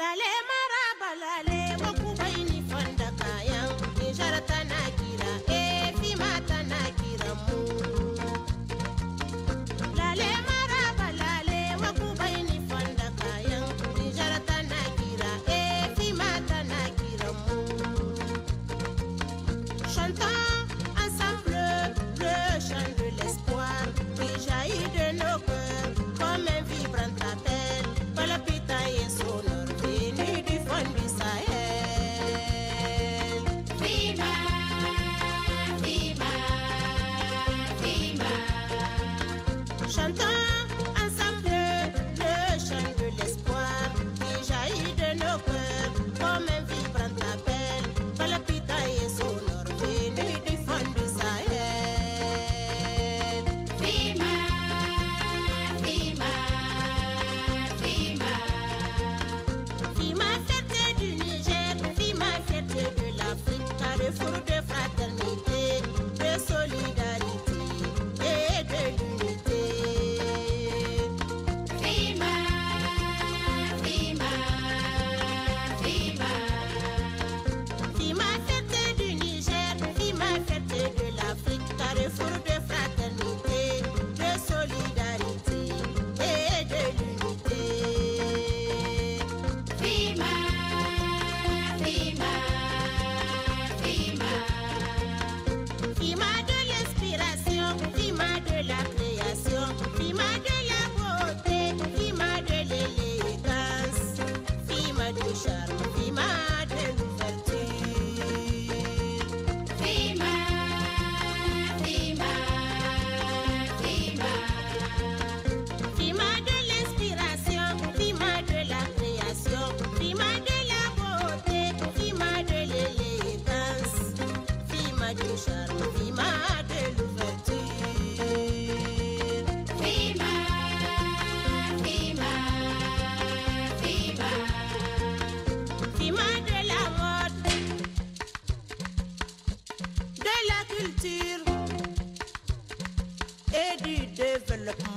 Lalema Chantons ensemble le chant de l'espoir qui jaillit de nos cœurs comme un vibrant appel. la et sonore du du Fima, Fima, Fima. Fima, du Niger, de de chemin de la paix.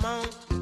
mount